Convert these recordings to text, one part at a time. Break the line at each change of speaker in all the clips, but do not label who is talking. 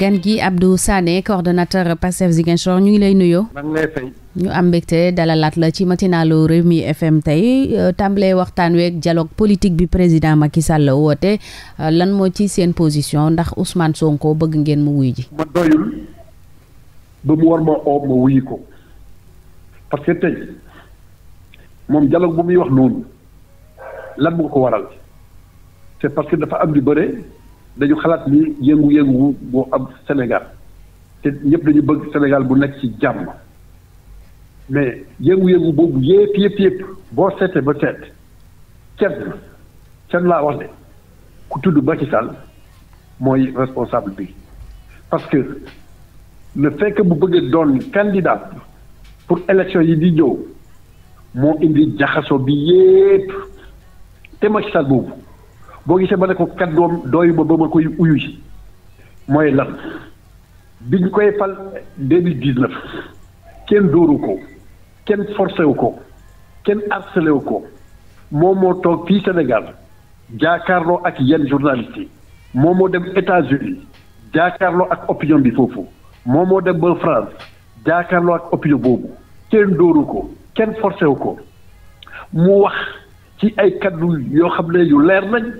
gan gi Abdou Sané coordonnateur Pastef Ziguinchor ñu ngi lay nuyoo. ñu am mbégte dalalaat la ci matinalu Rewmi FM tey euh, tàmbalee waxtaan week dialogue politique bi président Macky Sall la woote euh, lan moo ci seen position ndax Ousmane Sonko bëgg ngeen mu
wuy ji. ma doyul ba mu war ma oo ma wuyi ko parce que moom dialogue bu muy wax noonu lan moo ko waral c'est parce dafa am lu bëre. dañu xalaat ni yëngu-yëngu bu am Sénégal te ñëpp dañu bëgg Sénégal bu nekk ci jàmm mais yëngu-yëngu boobu yëpp yëpp yëpp boo seetee ba seet kenn kenn laa wax ne ku tudd Macky Sall mooy responsable bi parce que le fait que bu bëggee doon candidat pour élection yi di ñëw moo indi jaxaso bi yépp te Macky boobu boo gisee ma ne ko kat doom dooyu ma ba ma koy uyu mooy lan bi ñu koy fal deux mille dix neuf kenn dóoru ko kenn forcé wu ko kenn harcelé wu ko moom moo toog fii Sénégal jaakaarloo ak yenn journalistes moo moo dem États-Unis jaakaarloo ak opinion bi foofu moom moo dem ba France jaakaarloo ak opinion boobu kenn dóoru ko kenn forcé wu ko mu wax ci ay kaddu yoo xam ne yu leer nañ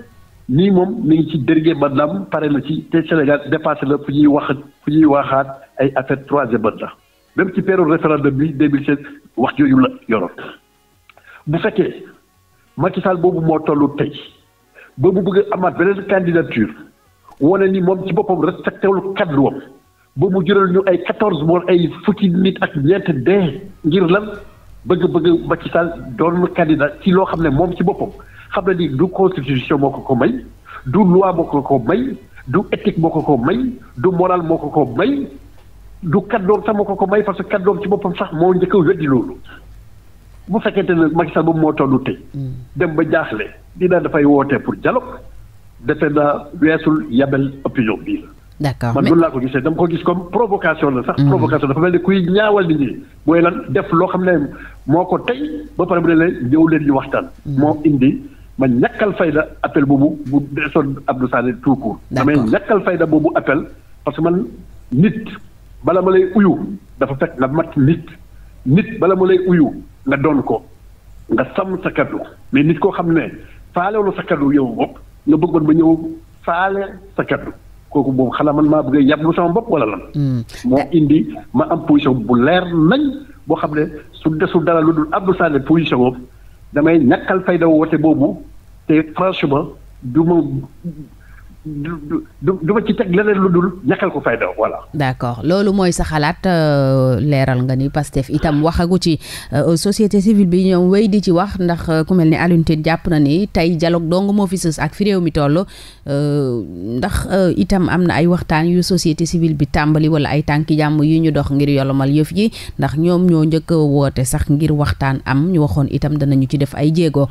nii moom mi ngi ci dernier mandat pare na ci te Sénégal dépassé na fu ñuy wax fu ñuy waxaat ay affaire troisième mandat même ci période référendum bi 2016 wax jooju la yoroon bu fekkee Macky boobu moo tollu tey ba mu bëgg amaat beneen candidature wane ni moom ci boppam respecté wul kadduwam ba mu jural ñu ay quatorze mois ay fukki nit ak ñeent dee ngir lan bëgg bëgg Macky doon candidat ci loo xam ne moom ci boppam. xam na ni du constitution moo ko ko may du loi moo ko ko may du éthique moo ko ko may du moral moo ko ko may du kaddoom sax moo ko ko may parce que kaddoom si boppam sax moo njëkk a weddi loolu bu fekkente ne Macky Sall moom moo tollu tey hmm. dem ba jaaxle dina dafay wootee pour dialogue defe naa weesul yabel opinion bii
la d'accord man noonu laa
ko gisee dama ko gis comme provocation la sax. Hmm. provocation dafa mel ni kuy mooy lan def loo xam ne moo ko tey ba pare mu ne la ñëw leen ñu waxtaan. Hmm. moo indi ma ñàkkal fayda appel boobu bu desoon Abdou Sané tout court. damay ñàkkal fayda boobu appel parce que man nit bala ma lay uyu dafa fekk nga mat nit nit bala ma lay uyu nga doon ko nga sam sa kaddu mais nit koo xam ne faalewu sa kaddu yow bopp nga bëggoon ba ñëw faale sa kaddu kooku boobu xanaa man maa bëggee yàbb sama bopp wala lan. Hmm. moo indi ma am position bu leer nañ boo xam ne su desul dara lu dul Abdou Sané position boobu damay ñàkkal fayda woote boobu. te franchement du ma du du du ma ci teg leneen ko fayda voilà.
d' accord loolu mooy sa xalaat euh, leeral nga ni Pastef itam waxagu ci euh, société civile bi ñoom wéy di ci wax ndax euh, ku mel ni Alioune jàpp na ni tey dialogue dong moo fi sës ak fi réew mi toll ndax itam am na ay waxtaan yu société civile bi tàmbali wala ay tànki jàmm yu ñu dox ngir yolomal yëf yi ndax ñoom ñoo njëkk woote sax ngir waxtaan am ñu waxoon itam danañu ci def ay jéego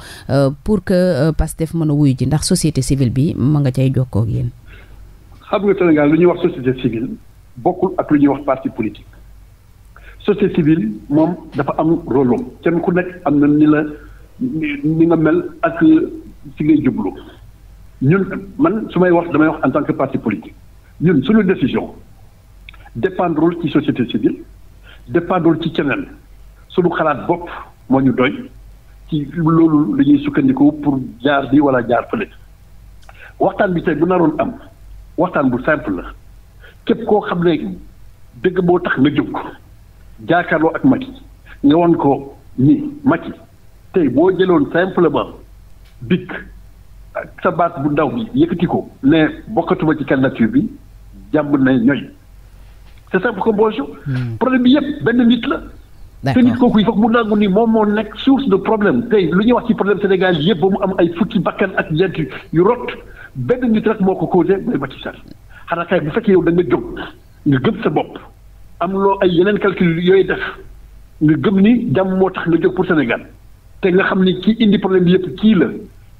pour que Pastef mën a wuyu ji ndax société civile bi ma nga cay jokkoo. koog
xam nga Sénégal lu ñuy wax société civile bokkul ak lu ñuy wax parti politique société civile moom dafa am rôle kenn ku nekk am na ni la ni nga mel ak si ngay jublu ñun man su may wax damay wax en tant que parti politique ñun suñu décision dépendrul ci société civile dépendrul ci keneen suñu xalaat bopp moo ñu doy ci loolu lañuy sukkandiku pour jaar bi wala jaar fële. waxtaan bi tey bu naroon am waxtaan bu simple la képp koo xam ne dëgg boo tax nga jóg jaakaarloo ak Macky nga won ko ni Macky tey boo jëloon simplement dikk ak sa baat bu ndaw bi yëkkati ko ne bokkatuma ci candidature bi jàmm na ñooy c'est simple comme hmm. problème bi yëpp benn nit la te nit kooku il faut mu nangu ni moom moo nekk source de problème tey lu ñuy wax ci problème Sénégal yëpp ba mu am ay fukki bakkan ak jent yu rot benn nit rek moo ko causé mooy Macky Sall xanaa kay bu fekkee yow da nga jóg nga gëm sa bopp am loo ay yeneen calcul yooyu def nga gëm ni jàmm moo tax nga jóg pour Sénégal te nga xam ni ci indi problème bi kii la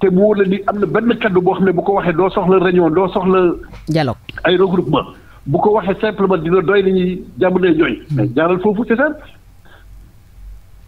te mu la ni am na benn kaddu boo xam ne bu ko waxee doo soxla réunion doo soxla. dialogue ay regroupement bu ko waxee simplement dina doy nañu jàmm ne ñooy. mais hmm. jaaral foofu c'est simple.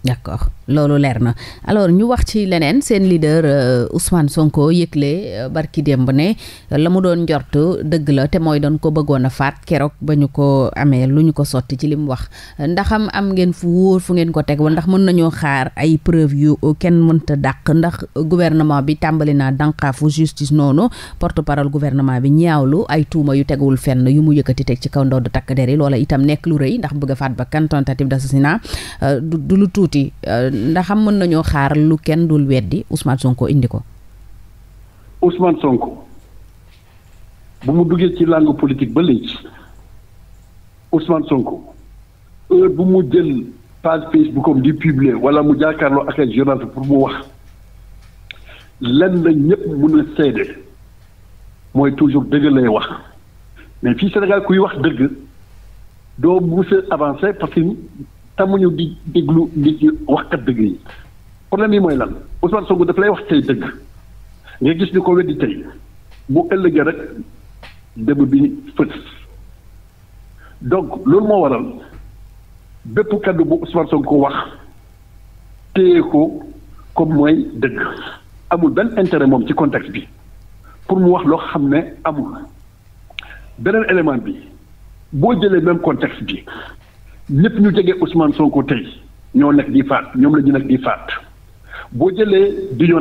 d'accord loolu leer na alors ñu wax ci leneen seen leader euh, Ousmane Sonko yëgle euh, barki démb ne la mu doon jort dëgg la te mooy doon ko bëggoon a faat keroog ba ñu ko amee lu ñu ko sotti ci li mu wax ndaxam am ngeen fu wóor fu ngeen ko teg wala ndax mën nañoo xaar ay preuve yu kenn mënta dàq ndax gouvernement bi tàmbali naa dànqaafu justice noonu porte-parole gouvernement bi ñaawlu ay tuuma yu teguwul fenn yu mu yëkkati teg ci kaw du takk der yi itam nekk lu rëy ndax bëgg a faat ba kan tentative tuuti euh, ndax xam mën nañoo xaar lu kenn dul weddi Ousmane Sonko indi ko.
Ousmane Sonko bu mu duggee ci langue politique ba léegi Ousmane Sonko heure bu mu jël page Facebook am di publier wala mu jàkkaarloo ak ay journaliste pour mu wax lenn la ñëpp mun a seede mooy toujours dëgg lay wax mais fii Sénégal kuy wax dëgg doo mës a avancer parce te mu ñu di déglu nit ñi waxkat dëgg yi problème yi mooy lan Ousmane Sonko daf lay wax tey dëgg nga gis ni ko weddi tey bu ëllëgee rek démb bi fët donc loolu moo waral bépp kaddu bu Ousmane ko wax téye ko comme mooy dëgg amul benn intérêt moom ci contexte bi pour mu wax loo xam ne amul beneen élément bi boo jëlee même contexte bi ñëpp ñu jege soo Sonko tey ñoo nekk di faat ñoom la ñu nekk di faat boo jëlee du ñoo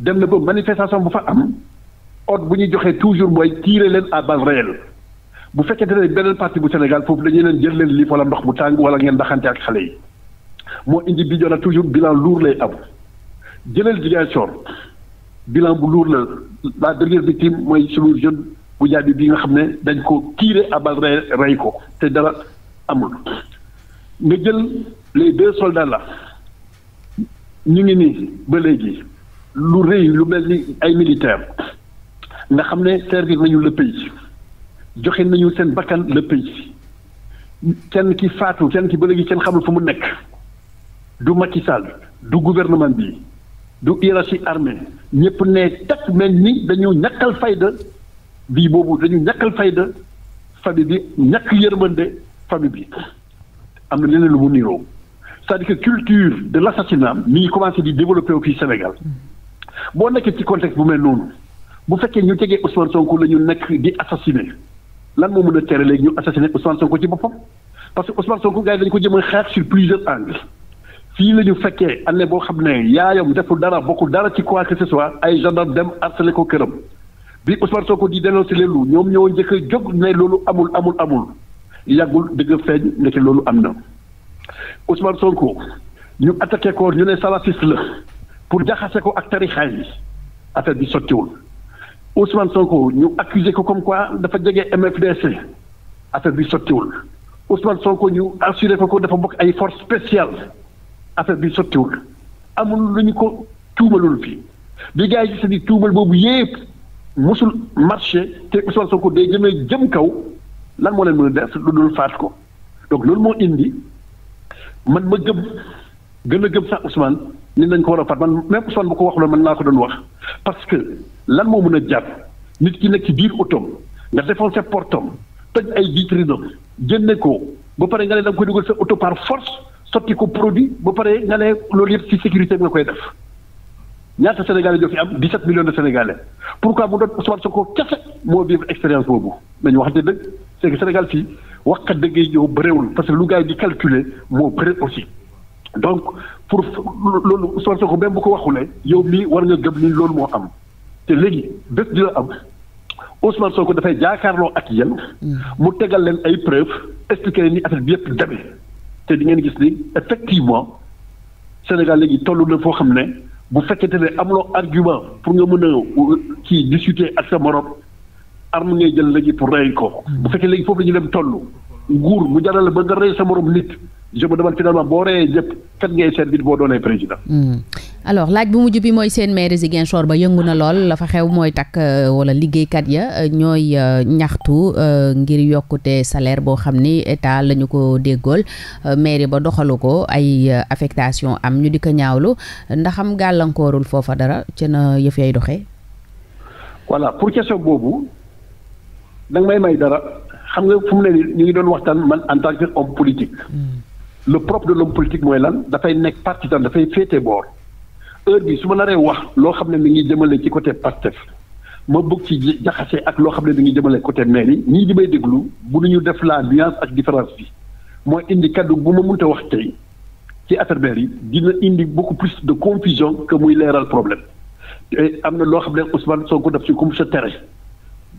dem na ba manifestation bu fa am ordre bu ñuy joxee toujours mooy tirer leen à balles réelles bu te ne beneen parti bu Sénégal foofu dañuy leen jël leen liif wala ndox bu tàng wala ngeen daxante ak xale yi moo indi bi joona toujours bilan lourd lay am jëlal Ziguinchor bilan bu lourd la la dernière victime mooy suñu jeune bu jaabi bii nga xam ne dañ ko tirer à balles ko te dara amul nga jël les deux soldats la ñu ngi nii ba léegi lu rëy lu mel ni ay militaires nga xam ne servir nañu le pays nañu seen bakkan le kenn ki faatu kenn ki ba léegi kenn xamul fa mu nekk du Macky Sall du gouvernement bii du hiérarchie armée ñëpp ne takk mel ni dañu ñàkkal fayda bii boobu dañu ñàkkal fayda famille bi ñàkk yërmande famille bi am na leneen lu mu niroo c'est-à-dire que culture de l'assassinat mi ngi commencé di développer wu fii Sénégal boo nekkee ci contexte bu mel noonu bu fekkee ñu jegee Ousmane Sonko la ñu nekk di assassiné lan moo mën a tere léegi ñu assassiné Ousmane Sonko ci boppam parce que Ousmane Sonko gars yi ko jëm a xeex sur plusieurs angles fii la ñu fekkee année boo xam ne yaayam deful dara bokkul dara ci quoi que ce soit ay gendarme dem harcelé ko këram bi Ousmane Sonko di dénoncé leen lu ñoom ñoo njëkk a jóg ne loolu amul amul amul yàggul dëgg feeñ ndeke loolu am na Ousmane Sonko ñu attaqué ko ñu ne salafiste la pour jaxase ko ak tarixaay yi affaire bi sottiwul Ousmane Sonko ñu accusé ko comme quoi dafa jege MFDC affaire bi sottiwul Ousmane Sonko ñu assuré ko ko dafa bokk ay force spéciale affaire bi sottiwul amul lu ñu ko tuumalul fii bi gars yi gis tuumal boobu yépp mosul marché te Ousmane Sonko day gën a jëm kaw lan moo leen mën a def lu dul faat ko donc loolu moo indi man ma gëm gën a gëm sax Ousmane ni nañ ko war a faat man même Ousmane bu ko wax man naa ko doon wax parce que lan moo mën a jàpp nit ki nekk ci biir otoom nga défoncé portom toj ay vitrine génne ko ba pare nga ne da nga koy dugal sa auto par force sotti ko produit ba pare nga ne loolu yëpp ci sécurité bi nga koy def ñaata sénégalais ñoo fi am 17 millions de sénégalais pourquoi mu doon Ousmane Sonko kese moo vivre expérience boobu nañu wax dëgg. c'est que Sénégal fii waxkat da ngay ñëw barewul parce que lu gars yi di calculer moo bëri aussi donc pour loolu Ousmane ko même bu ko waxule yow mi war nga gëm ni loolu moo am te léegi bés dina am soo ko dafay jaakaarloo ak yéen mm. mu tegal leen ay preuve expliqué leen ni affaire bi yëpp demee te di ngeen gis ni effectivement Sénégal léegi tollu la foo xam ne bu fekkente ne amuloo argument pour nga mën a euh, kii discuter ak sa morom arme ngay jël léegi pour rey ko. Hmm. bu fekkee léegi foofu la dem toll. nguur mu jaral ba nga rey sa morom nit. je me demande finalement boo reyee ñëpp kat ngay servir boo doonee président.
Hmm. alors laaj bu mujj bi mooy seen maire Ziguinchor ba yëngu na lool la xew mooy takk euh, wala liggéeykat ya euh, ñooy euh, ñaxtu ngir yokkute salaire boo xam ni état lañu ko déggool maire ba doxalu ko ay affectation am ñu di ko ñaawlu ndax am gàllankoorul foofa dara ci na yëf
danga may may dara xam nga fu mu ne nii ñu ngi doon waxtaan man en tant que homme politique. Hmm. le propre de l'homme politique mooy lan dafay nekk partisan dafay féete boor heure bi su ma naree wax loo xam ne mi ngi jëmale ci côté Pastef ma bëgg ci jaxase ak loo xam ne mi ngi jëmale côté maire yi ñii di may déglu bu ñu def la nuance ak différence bi mooy indi kaddu bu ma mënta wax tey ci affaire maire yi dina indi beaucoup plus de confusion que muy leeral problème am na loo xam ne Ousmane Sonko daf ci comme sa tere.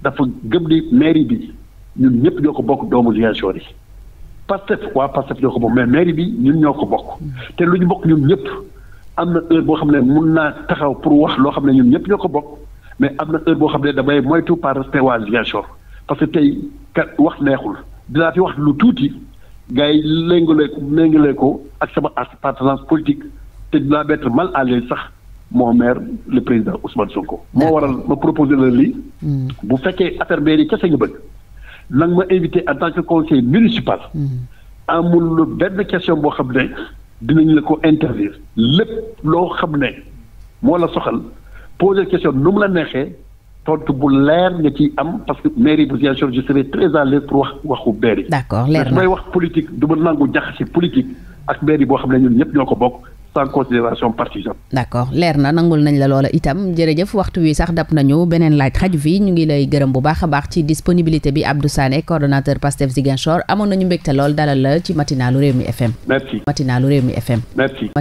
dafa gëm ni mairie bi ñun ñëpp ñoo ko bokk doomu Ziguinchor yi Pastef waa Pastef ñoo ko bokk mais mairie bi ñun ñoo ko bokk te lu ñu bokk ñun ñëpp am na heure boo xam ne mun naa taxaw pour wax loo xam ne ñun ñëpp ñoo ko bokk mais am na heure boo xam ne damay moytu par respect waa Ziguinchor parce que tey wax neexul dinaa fi wax lu tuuti gars yi léngalee ko léngalee ko ak sama appartenance politique te dinaa mettre mal à l'aise sax moo maire le président Ousmane Sonko. moo waral ma proposé la lii. Hmm. bu fekkee affaire mairie kese nga bëgg. na ma invité en tant que conseiller municipal. Hmm. amul benn question boo xam ne dinañ la ko interdire. lépp loo xam ne moo la soxal poser question nu mu la neexee tontu bu leer nga ci am parce que mairie bu Ziguinchor je serai très à l'aise pour wax waxu mairie. d'accord leer na may wax politique du ma nangu jaxase politique ak mairie boo xam ne ñun ñëpp ñoo ko bokk. sans considération partisane.
leer na nangul nañ la loola itam jërëjëf waxtu wi sax dab nañu beneen laaj xaju fii ñu ngi lay gërëm bu baax a baax ci disponibilité bi Abdou Sané coordonnateur Pastef Ziguinchor amoon nañu mbégte lool dalal la ci matinalu mi FM. merci matinalu Rewmi FM.